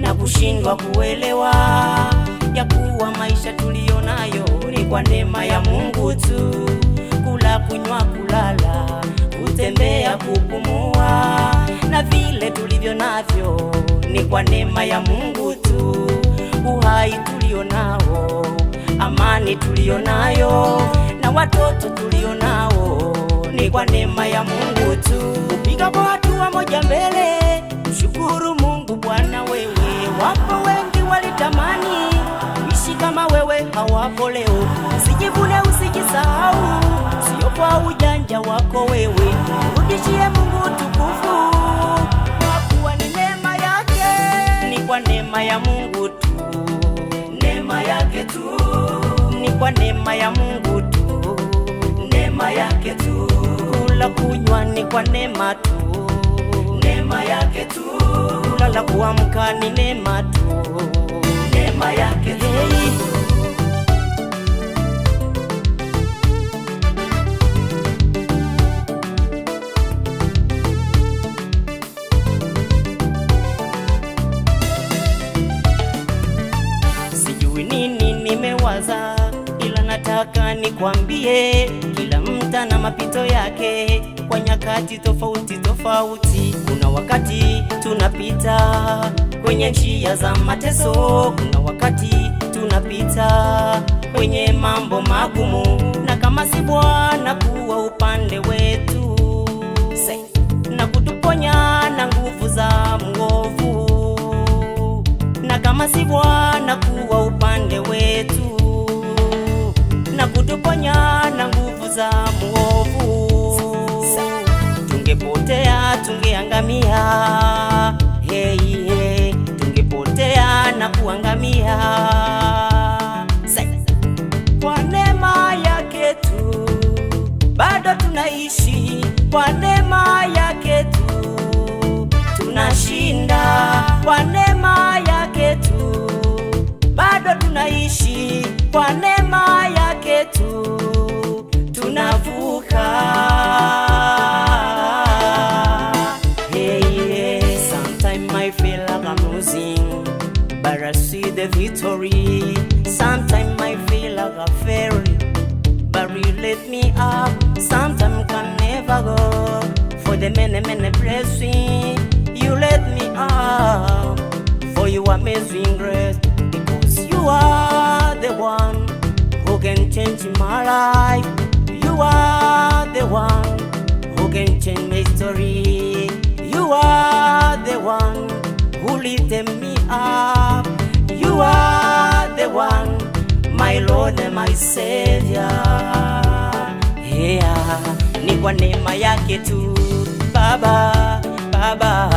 na kushindwa kuelewa ya kuwa maisha tuliyonayo ni kwa neema ya Mungu tu. Kula, kunywa, kulala, kutembea, kupumua na vile tulivyo navyo ni kwa neema ya Mungu tu. Uhai tulionao, amani tulionayo na watoto tulionao ni kwa neema ya Mungu tu. watu hatua moja mbele, shukuru mja wako wewe, rudishie Mungu tukufu, kwa kuwa ni neema yake, ni kwa neema ya Mungu tu, neema yake tu, ni kwa neema ya Mungu tu, neema yake tu, kula kunywa ni kwa neema tu, neema yake tu, kulala kuamka ni neema tu sijui nini nimewaza, ila nataka nikwambie, kila mta na mapito yake kwa nyakati tofauti tofauti. Kuna wakati tunapita kwenye njia za mateso, kuna wakati tunapita kwenye mambo magumu, na kama si Bwana kuwa upande wetu na kutuponya na nguvu za mwovu, na kama si Bwana kuwa upande wetu na kutuponya na nguvu za muovu, tungepotea tungeangamia, hey, hey, tungepotea na kuangamia kwa neema yake tu bado tunaishi kwa kwa neema yake tu tunavuka. Hey, Sometimes I feel like I'm losing, but I see the victory. Sometimes I feel like a fairy, but you let me up. Sometimes can never go for the many many blessings you let me up for your amazing grace because you are. can change my life. You are the one who can change my story. You are the one who lifted me up. You are the one, my Lord and my Savior. Yeah, ni kwa neema yake tu Baba, Baba,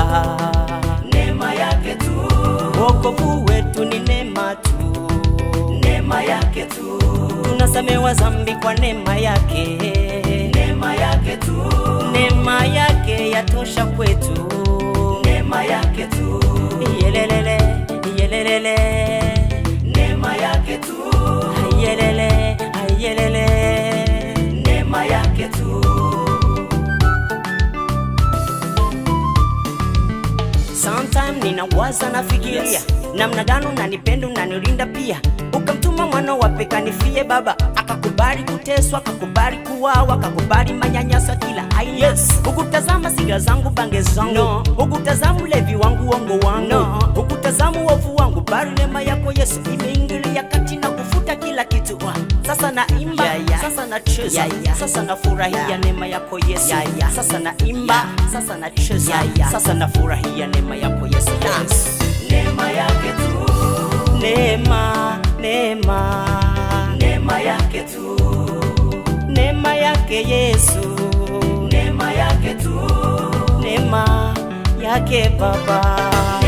neema yake tu, wokovu wetu ni neema tu, neema yake tu samewa zambi kwa neema yake ninawaza nafikiria yes. namna gani unanipenda unanilinda pia, ukamtuma mwana wa pekanifie baba, akakubali kuteswa, akakubali kuwawa, akakubali manyanyasa kila aina yes. Ukutazama siga zangu bange zangu no. levi ulevi wangu wongo wangu no. Ukutazama wangu, bali lema yako Yesu imeingilia kati na kufuta kila kitu wa. Sasa na imba yeah, yeah. Sasa na cheza yeah, yeah. Sasa na furahia yeah. yako Yesu yeah, yeah. Sasa na imba yeah sasa nacheza yeah, yeah. Sasa nafurahia neema yako Yesu dance neema yake tu neema neema neema yake tu neema yake Yesu neema yake tu neema yake Baba